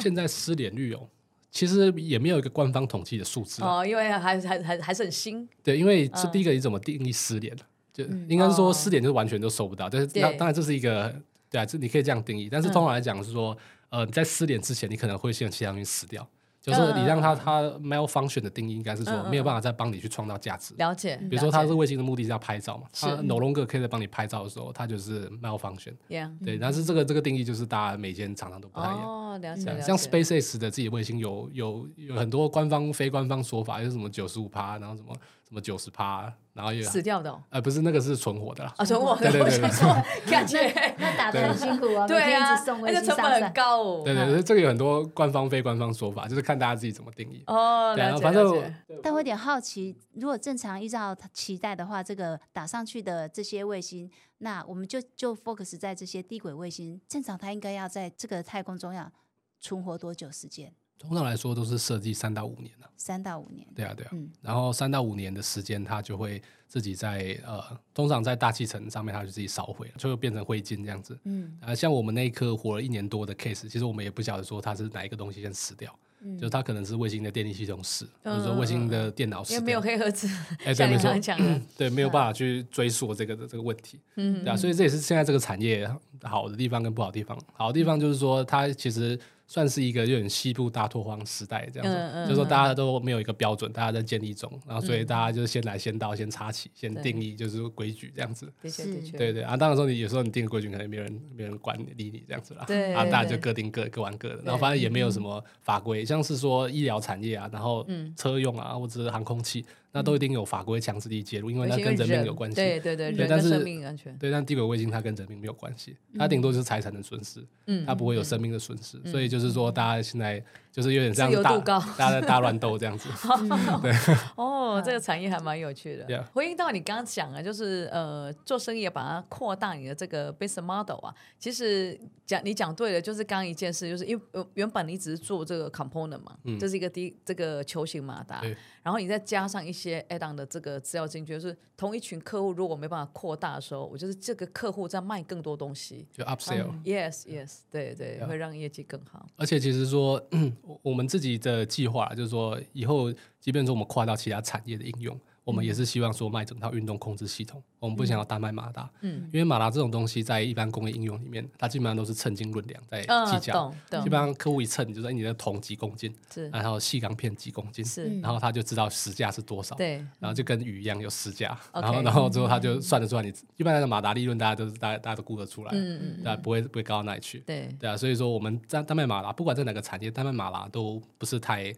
現在失聯率哦，其實也沒有一個官方統計的數字哦，因為還還還還是很新。對，因為這第一個你怎麼定義失聯，就應該是說失聯就完全都收不到，但是當然這是一個對啊，這你可以這樣定義。但是通常來講是說，呃，在失聯之前，你可能會先有其他東西死掉。就是你讓它它、uh, uh, uh, uh, malfunction 的定義應該是說沒有辦法再幫你去創造價值。了解。比如說它是衛星的目的是要拍照嘛，是 no longer 可以再幫你拍照的時候，它是就是 malfunction。Yeah, 對，但是這個這個定義就是大家每間廠商都不太一樣,、uh, 樣。哦，了解。像 SpaceX 的自己衛星有有有,有很多官方非官方說法，有什麼九十五趴，然後什麼。什麼九十趴，然後又、啊、死掉的、哦，呃，不是那個是，存活的啦，啊、哦，存活的。我想說感覺，那打的很辛苦啊， 對啊，對啊，而且成本很高哦。對對、啊，這個有很多官方、非官方說法，就是看大家自己怎麼定義哦。對啊，反正但我有點好奇，如果正常依照期待的話，這個打上去的這些衛星，那我們就就 focus 在這些低軌衛星，正常它應該要在這個太空中要存活多久時間？通常來說都是設計三到五年，三到五年，對啊，對啊，然後三到五年的時間，它就會自己在呃，通常在大氣層上面，它就自己燒毀，就變成灰燼這樣子，嗯，啊，像我們那一顆活了一年多的 case，其實我們也不曉得說它是哪一個東西先死掉，嗯，就它可能是衛星的電力系統死，或者說衛星的電腦死，沒有黑盒子，哎，對，沒錯，對，沒有辦法去追溯這個的這個問題，嗯，對啊，所以這也是現在這個產業好的地方跟不好的地方，好的地方就是說它其實。算是一個有點西部大拓荒時代這樣子，嗯、就是說大家都沒有一個標準，嗯、大家在建立中，然後所以大家就先來先到先插起、嗯、先定義就是規矩這樣子，對，嗯、對對對啊，當然說你有時候你定的規矩可能沒人沒人管理你這樣子啦，啊大家就各定各各玩各的，然後反正也沒有什麼法規，對像是說醫療產業啊，然後車用啊、嗯、或者是航空器。那都一定有法規強制力介入，因為那跟人命有關係。人對對對，對人對但是對，但低軌衛星它跟人命沒有關係，它頂多就是財產的損失，嗯、它不會有生命的損失，嗯、所以就是說，大家現在。就是有點像大大大亂鬥這樣子，對哦，這個產業還蠻有趣的。回應到你剛剛講的，就是呃，做生意把它擴大你的這個 business model 啊，其實講你講對了，就是剛剛一件事，就是因為原本你只是做這個 component 嘛，就是一個第一這個球型馬達，然後你再加上一些 add on 的這個資料進去，就是同一群客戶如果沒辦法擴大的時候，我就是這個客戶在賣更多東西，就 up sell。Yes, yes，對對，會讓業績更好。而且其實說。我我們自己的計劃就是說，以後，即便說我們跨到其他產業的應用。我們也是希望說賣整套運動控制系統，我們不想要單賣馬達，因為馬達這種東西在一般工業應用裡面，它基本上都是稱斤論兩在計價，基本上客戶一稱，你就說你的銅幾公斤，然後矽鋼片幾公斤，然後他就知道時價是多少，然後就跟魚一樣有時價，然後然後之後他就算得出來，你一般的馬達利潤大家都是大家大家都估得出來，嗯嗯不會不會高到哪裡去，對啊，所以說我們單單賣馬達，不管在哪個產業單賣馬達都不是太。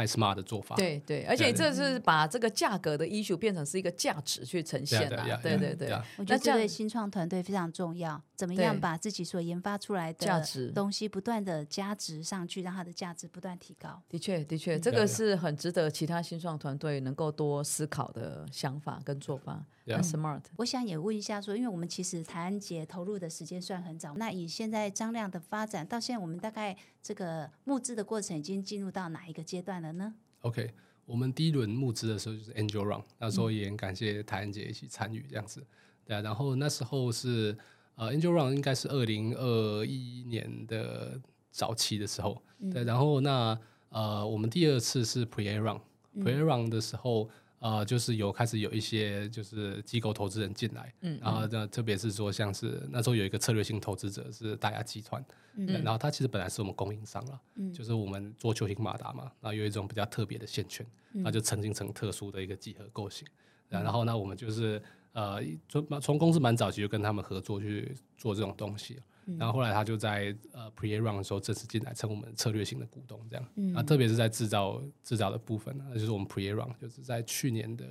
Nice, smart 的做法，對對，而且這是把這個價格的 issue 變成是一個價值去呈現的、yeah, yeah, yeah, yeah, yeah. 對對對，我覺得這對新創團隊非常重要。怎麼樣把自己所研發出來的價值東西不斷的加值上去，讓它的價值不斷提高？的確，的確，嗯、這個是很值得其他新創團隊能夠多思考的想法跟做法。嗯、Smart，我想也問一下說，因為我們其實台安傑投入的時間算很早，那以現在張量的發展，到現在我們大概這個募資的過程已經進入到哪一個階段了呢？OK，我們第一輪募資的時候就是 Angel Round，那時候也很感謝台安傑一起參與這樣子。對啊，然後那時候是。呃、uh，Angel Round 應該是二零二一年的早期的時候，嗯、對，然後那呃，我們第二次是 Pre-A Round，Pre-A Round 的時候，呃，就是有開始有一些就是機構投資人進來，嗯嗯，然後呢，特別是說像是那時候有一個策略性投資者是大亞集團、嗯嗯，然後他其實本來是我們供應商了，嗯、就是我們做球形馬達嘛，然後有一種比較特別的線圈，那、嗯、就曾經成特殊的一個幾何構型，啊、然後呢，我們就是。呃，從從公司蠻早期就跟他們合作去做這種東西，啊，嗯、然後後來他就在呃 Pre-A Round 的時候正式進來成我們策略性的股東這樣，嗯、啊，特別是在製造製造的部分那，啊、就是我們 Pre-A Round 就是在去年的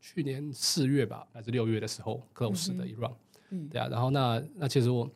去年四月吧，還是六月的時候，close 的一輪，嗯哼，對啊，然後那那其實我。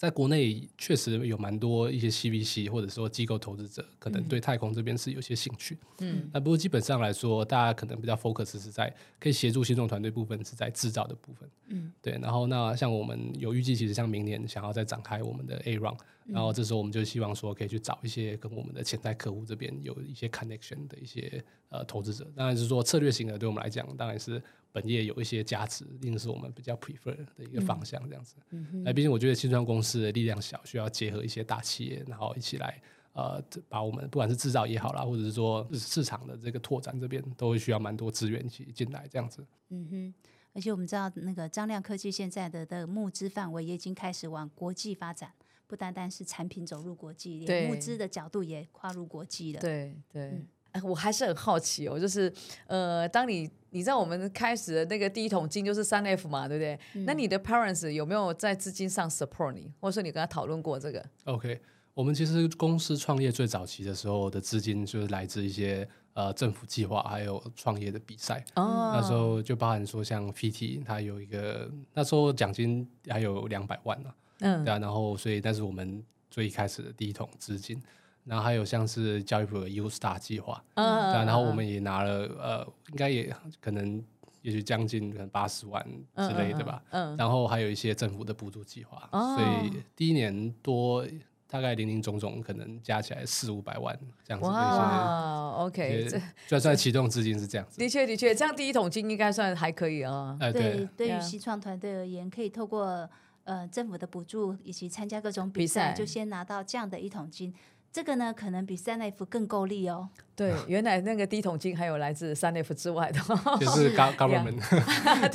在國內確實有蠻多一些 CVC 或者說機構投資者，可能對太空這邊是有些興趣。嗯，那不過基本上來說，大家可能比較 focus 是在可以協助新創團隊部分是在制造的部分。嗯，對。然後那像我們有預計，其實像明年想要再展開我們的 A round 然後這時候我們就希望說可以去找一些跟我們的潛在客戶這邊有一些 connection 的一些呃投資者。當然是說策略型的，對我們來講當然是。本業有一些價值，因一定是我們比較 prefer 的一個方向，這樣子。那、嗯嗯、畢竟我覺得新創公司的力量小，需要結合一些大企業，然後一起來呃，把我們不管是製造也好啦，或者是說是市場的這個拓展這邊，都會需要蠻多資源去進來，這樣子。嗯哼，而且我們知道，那個張量科技現在的的募資範圍也已經開始往國際發展，不單單是產品走入國際，對，募資的角度也跨入國際了。對對。對嗯哎、我還是很好奇哦，就是，呃，當你你知道我們開始的那個第一桶金就是三 F 嘛，對不對？嗯、那你的 parents 有沒有在資金上 support 你，或者說你跟他討論過這個？OK，我們其實公司創業最早期的時候的資金就是來自一些呃政府計劃，還有創業的比賽。哦。那時候就包含說像 PT，他有一個那時候獎金還有兩百萬呢、啊。嗯、啊。然後，所以，但是我們最一開始的第一桶資金。然後還有像是教育部的 U Star 計劃，嗯、啊、嗯，然後我們也拿了、嗯、呃，應該也可能，也許將近可能八十萬之類的吧，嗯，嗯嗯，然後還有一些政府的補助計劃，嗯、所以第一年多大概林林總總可能加起來四五百萬這樣子。哇，OK，哦、就算啟動資金是這樣子。的確的確，這樣第一桶金應該算還可以哦。哎、嗯，對，對，對於新創團隊而言，嗯、可以透過呃政府的補助以及參加各種比賽，就先拿到這樣的一桶金。這個呢，可能比 3F 更夠力哦。對，嗯、原來那個第一桶金還有來自 3F 之外的， 就是 go government。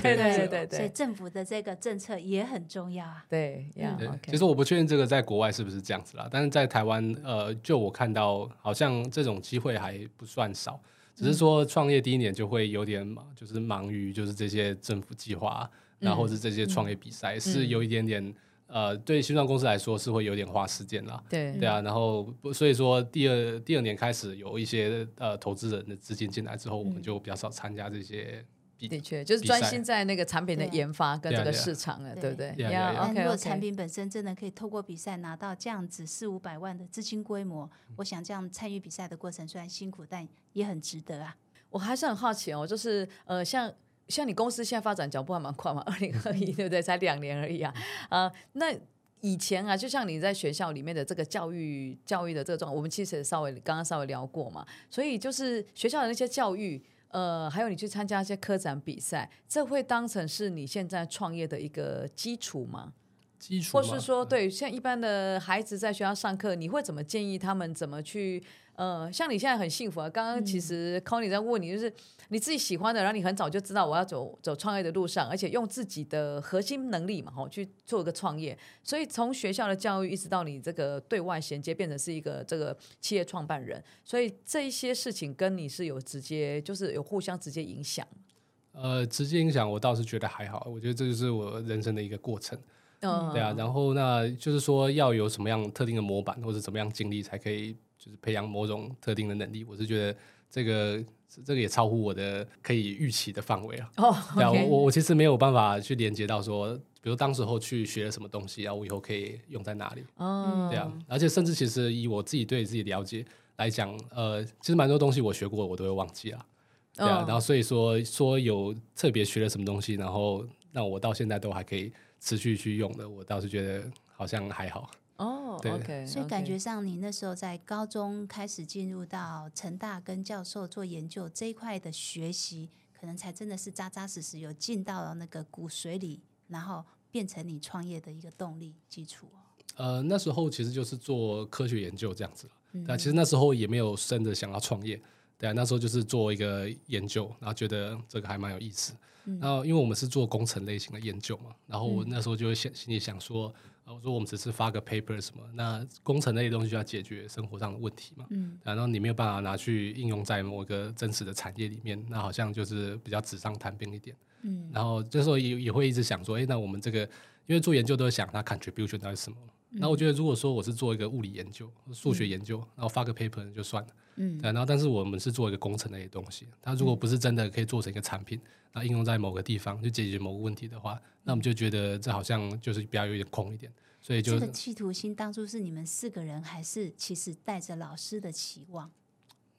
對對對對對，對的所以政府的這個政策也很重要啊。對, yeah, okay、對，其實我不確定這個在國外是不是這樣子啦，但是在台灣，呃，就我看到好像這種機會還不算少，只是說創業第一年就會有點忙，就是忙於就是這些政府計劃，然後是這些創業比賽，嗯、是有一點點。呃，對於新創公司來說是會有點花時間了，對對啊，嗯、然後所以說第二第二年開始有一些呃投資人的資金進來之後，嗯、我們就比較少參加這些比，的確就是專心在那個產品的研發跟這個市場了，啊，對不對？啊、如果產品本身真的可以透過比賽拿到這樣子四五百萬的資金規模，嗯、我想這樣參與比賽的過程雖然辛苦，但也很值得啊。我還是很好奇哦，就是呃像。像你公司現在發展腳步還蠻快嘛，二零二一對不對？才兩年而已啊，啊， uh, 那以前啊，就像你在學校裡面的這個教育，教育的這種，我們其實也稍微，剛剛稍微聊過嘛，所以就是學校的那些教育，呃，還有你去參加一些科展比賽，這會當成是你現在創業的一個基礎嗎？或是說，對像一般的孩子在學校上課，你會怎麼建議他們怎麼去？呃，像你現在很幸福啊。剛剛其實 Connie 在問你，就是你自己喜歡的，然後你很早就知道我要走走創業的路上，而且用自己的核心能力嘛，哈，去做一個創業。所以從學校的教育一直到你這個對外銜接，變成是一個這個企業創辦人。所以這一些事情跟你是有直接，就是有互相直接影響。呃，直接影響我倒是覺得還好，我覺得這就是我人生的一個過程。Oh, 對啊，然後那就是說要有什麼樣特定的模板，或者什麼樣經歷才可以，就是培養某種特定的能力。我是覺得這個這個也超乎我的可以預期的範圍啊。哦，oh, okay. 對啊，我我其實沒有辦法去連接到說，比如當時候去學了什麼東西啊，我以後可以用在哪裡？Oh, 對啊，而且甚至其實以我自己對自己的了解來講，呃，其實蠻多東西我學過我都會忘記啊。對啊，oh. 然後所以說說有特別學了什麼東西，然後那我到現在都還可以持續去用的，我倒是覺得好像還好哦。Oh, okay, 對，所以感覺上，你那時候在高中開始進入到成大跟教授做研究這一塊的學習，可能才真的是扎扎實實有進到了那個骨髓裡，然後變成你創業的一個動力基礎、哦、呃，那時候其實就是做科學研究這樣子，那、嗯、其實那時候也沒有真的想要創業。對啊，那時候就是做一個研究，然後覺得這個還蠻有意思。嗯、然後因為我們是做工程類型的研究嘛，然後我那時候就會想，心裡想說、嗯、呃，我說我們只是發個 paper 什麼，那工程類的東西就要解決生活上的問題嘛，嗯、啊，然後你沒有辦法拿去應用在某一個真實的產業裡面，那好像就是比較紙上談兵一點，嗯，然後這時候也也會一直想說，哎，那我們這個因為做研究都會想它 contribution 到底是什麼。那我覺得，如果說我是做一個物理研究、數學研究，嗯、然後發個 paper 就算了。嗯，然後，但是我們是做一個工程類的東西，它如果不是真的可以做成一個產品，嗯、然後應用在某個地方，就解決某個問題的話，那我們就覺得這好像就是比較有點空一點。所以就，就這個企圖心當初是你們四個人，還是其實帶着老師的期望？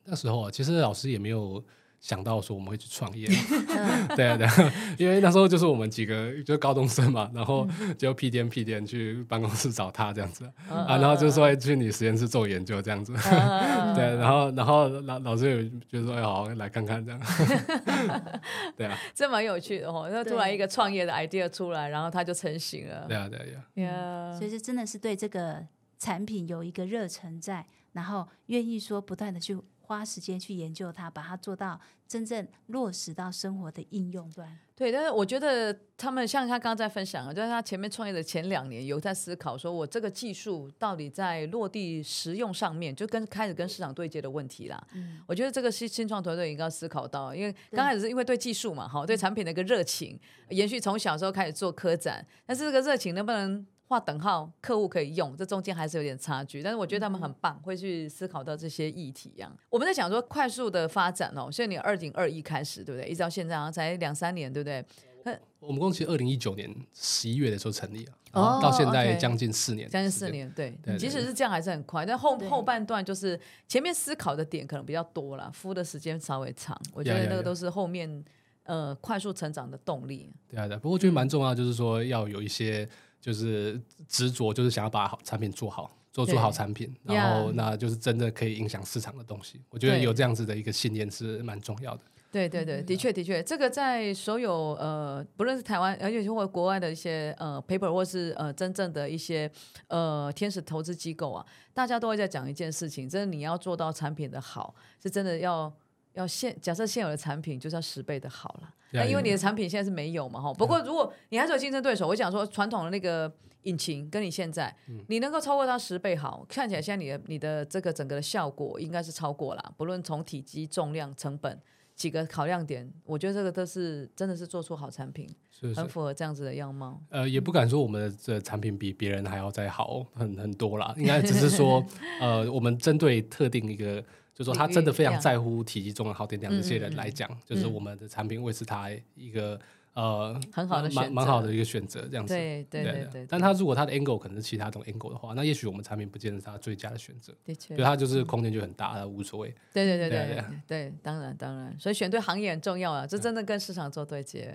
那時候啊，其實老師也沒有。想到說我們會去創業， 對啊，然後、 啊啊、因為那時候就是我們幾個就是高中生嘛，然後就屁顛屁顛去辦公室找他這樣子、嗯、啊，然後就說去你實驗室做研究這樣子，嗯嗯、對、啊，然後然後老老師有就說，哎好來看看這樣， 對啊，這蠻有趣的哦，然後突然一個創業的 idea 出來，然後他就成型了，對啊對啊對啊，所以就真的是對這個產品有一個熱忱在，然後願意說不斷的去。花時間去研究它，把它做到真正落實到生活的應用端。對，但是我覺得他們像他剛剛在分享，就是他前面創業的前兩年有在思考，說我這個技術到底在落地實用上面，就跟開始跟市場對接的問題啦。嗯，我覺得這個新新創團隊應該思考到，因為剛開始是因為對技術嘛，好對，對產品的一個熱情，延續從小時候開始做科展，但是這個熱情能不能？畫等號，客戶可以用，這中間還是有點差距。但是我覺得他們很棒，嗯、會去思考到這些議題一樣。我們在講說快速的發展哦，所以你二零二一開始，對不對？一直到現在、啊、才兩三年，對不對？哦、我,我們公司二零一九年十一月的時候成立了、啊，哦、到現在將近四年、哦 okay，將近四年,間年，對。對對即使是這樣，還是很快。但後對後半段就是前面思考的點可能比較多了，敷的時間稍微長。我覺得那個都是後面、啊啊啊、呃快速成長的動力。對啊，對啊。不過我覺得蠻重要，嗯、就是說要有一些。就是執着，就是想要把好產品做好，做出好產品，對然後那就是真的可以影響市場的東西。對我覺得有這樣子的一個信念是蠻重要的。對對對，的確的確，這個在所有呃，不論是台灣，而且或是或國外的一些呃 paper 或是呃真正的一些呃天使投資機構啊，大家都會在講一件事情，真的你要做到產品的好，是真的要。要現假設現有的產品就是要十倍的好了，那因為你的產品現在是沒有嘛哈。不過如果你還是有競爭對手，我想說傳統的那個引擎跟你現在，你能夠超過它十倍好，看起來現在你的你的這個整個的效果應該是超過了。不論從體積、重量、成本幾個考量點，我覺得這個都是真的是做出好產品，很符合這樣子的樣貌，是是。呃，也不敢說我們的這個產品比別人還要再好很很多啦，應該只是說 呃，我們針對特定一個。就說他真的非常在乎體積中的耗電量。這些人來講，就是我們的產品會是他一個呃很好的、蠻蠻好的一個選擇，這樣子。對對，但他如果他的 angle 可能是其他種 angle 的話，那也許我們產品不見得是他最佳的選擇。對，就他就是空間就很大，他無所謂。對對對對對對，當然當然，所以選對行業很重要啊，這真的跟市場做對接。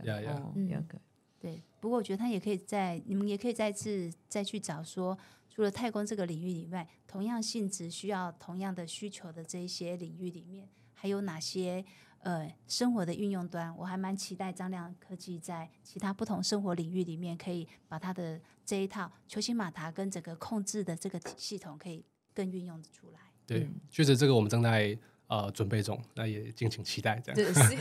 對，不過我覺得他也可以再，你們也可以再次再去找說。除了太空這個領域以外，同樣性質需要，同樣的需求的這一些領域裡面，還有哪些呃生活的運用端？我還蠻期待張量科技在其他不同生活領域裡面，可以把它的這一套球型馬達跟整個控制的這個系統，可以更運用的出來。對，確實這個我們正在。呃，準備中，那也敬請期待，這樣。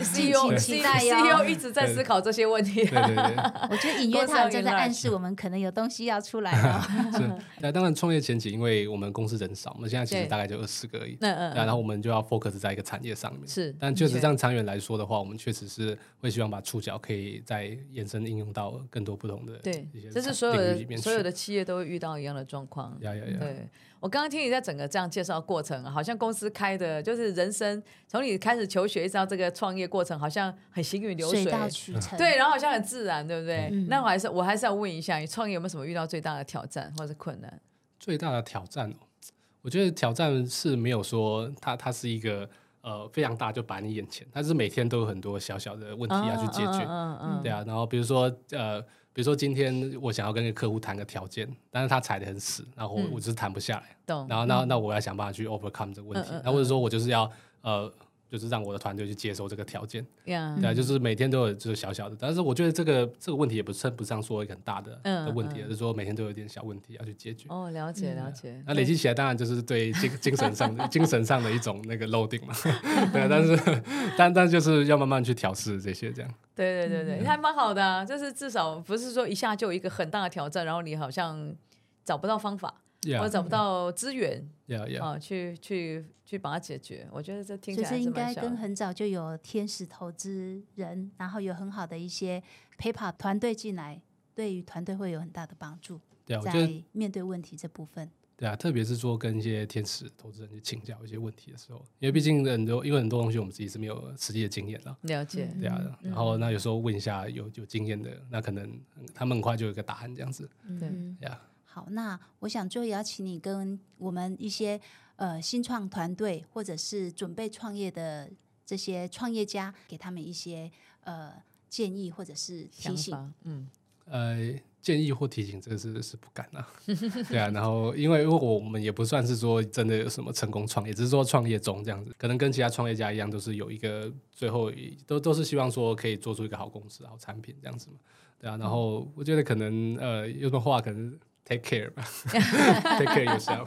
CE o, 對，CEO 一直在思考這些問題。對，對對對。 我覺得隱約他正在暗示我們可能有東西要出來了。 是，那當然創業前景，因為我們公司人少，我們現在其實大概就二十個而已。嗯嗯對。對然後我們就要 focus 在一個產業上面。對是，但確實這樣長遠來說的話，我們確實是會希望把觸角可以再延伸應用到更多不同的。對，這是所有的所有的企業都會遇到一樣的狀況。呀呀呀！對。對我剛剛聽你在整個這樣介紹的過程，啊，好像公司開的，就是人生從你開始求學一直到這個創業過程，好像很行雲流水，水對，然後好像很自然，對不對？嗯、那我還是我還是要問一下，你創業有沒有什麼遇到最大的挑戰或者困難？最大的挑戰我覺得挑戰是沒有說它它是一個呃非常大就擺你眼前，它是每天都有很多小小的問題，啊、要去解決，嗯嗯、對啊，然後比如說呃。比如說今天我想要跟個客戶談個條件，但是他踩得很死，然後我，、嗯、我就是談不下來。懂然後那，嗯、那我要想辦法去 overcome 這個問題。呃呃呃那或者說我就是要呃。就是讓我的團隊去接受這個條件，Yeah. 對啊，就是每天都有就是小小的，但是我覺得這個這個問題也不稱不上說很大的、嗯、的問題，嗯、就是說每天都有點小問題要去解決。哦，了解了解。啊、對那累積起來當然就是對精精神上 精神上的一種那個 loading 嘛，對啊，但是 但但是就是要慢慢去調試這些，這樣。對對對對，嗯、還蠻好的、啊，就是至少不是說一下就有一個很大的挑戰，然後你好像找不到方法。Yeah, 我找不到資源，要要 yeah, yeah,、哦、去去去把它解決。我覺得這聽起來其實應該跟很早就有天使投資人，然後有很好的一些陪跑團隊進來，對於團隊會有很大的幫助。Yeah, 在面對問題這部分，對啊，特別是說跟一些天使投資人去請教一些問題的時候，因為畢竟很多，因為很多東西我們自己是沒有實際的經驗了，了解，對啊。然後那有時候問一下有有經驗的，那可能他們很快就有一個答案這樣子。對呀、嗯。Yeah, 好，那我想最後也要請你跟我們一些呃新創團隊或者是準備創業的這些創業家，給他們一些呃建議或者是提醒。嗯，呃，建議或提醒這個是是不敢了、啊。 對啊，然後因為如果我們也不算是說真的有什麼成功創業，只是說創業中這樣子，可能跟其他創業家一樣，都、就是有一個最後都都是希望說可以做出一個好公司、好產品這樣子嘛。對啊，然後我覺得可能、嗯、呃有什麼話可能。Take care Take care yourself。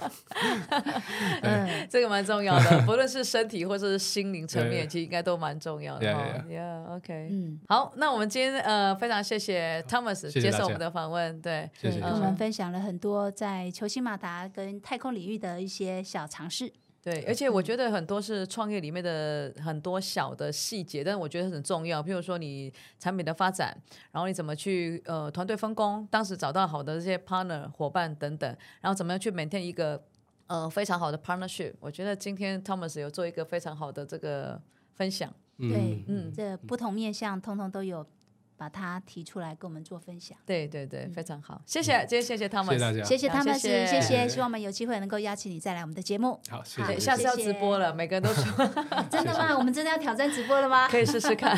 嗯，這個蠻重要的，不論是身體或者是心靈層面，其實應該都蠻重要的、哦。Yeah, yeah, yeah. yeah, OK。嗯，好，那我們今天呃非常謝謝 Thomas 接受我們的訪問，對，謝謝跟、嗯、我們分享了很多在球型馬達跟太空領域的一些小嘗試。對，而且我覺得很多是創業裡面的很多小的細節，嗯、但是我覺得很重要。比如說你產品的發展，然後你怎麼去呃團隊分工，當時找到好的這些 partner 夥伴等等，然後怎麼樣去每天 ain 一個呃非常好的 partnership。我覺得今天 Thomas 有做一個非常好的這個分享。嗯、對，嗯，這不同面向通通都有，把他提出來跟我們做分享，對對對，非常好，謝謝，今天謝謝湯姆，謝謝大家，謝謝湯博士，謝謝，希望我們有機會能夠邀請你再來我們的節目。好，謝謝，下次要直播了，每個人都說，真的嗎？我們真的要挑戰直播了嗎？可以試試看。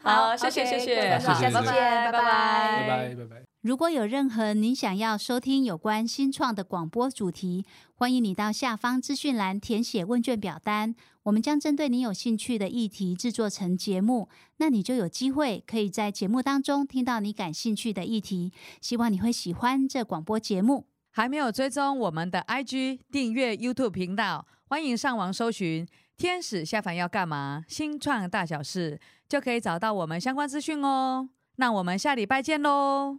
好，謝謝，謝謝，下次見，拜，拜拜，拜拜。如果有任何你想要收聽有關新創的廣播主題，歡迎你到下方資訊欄填寫問卷表單，我們將針對你有興趣的議題製作成節目，那你就有機會可以在節目當中聽到你感興趣的議題。希望你會喜歡這廣播節目。還沒有追蹤我們的 IG，訂閱 YouTube 頻道，歡迎上網搜尋“天使下凡要幹嘛”、“新創大小事”，就可以找到我們相關資訊哦。那我們下禮拜見嘍！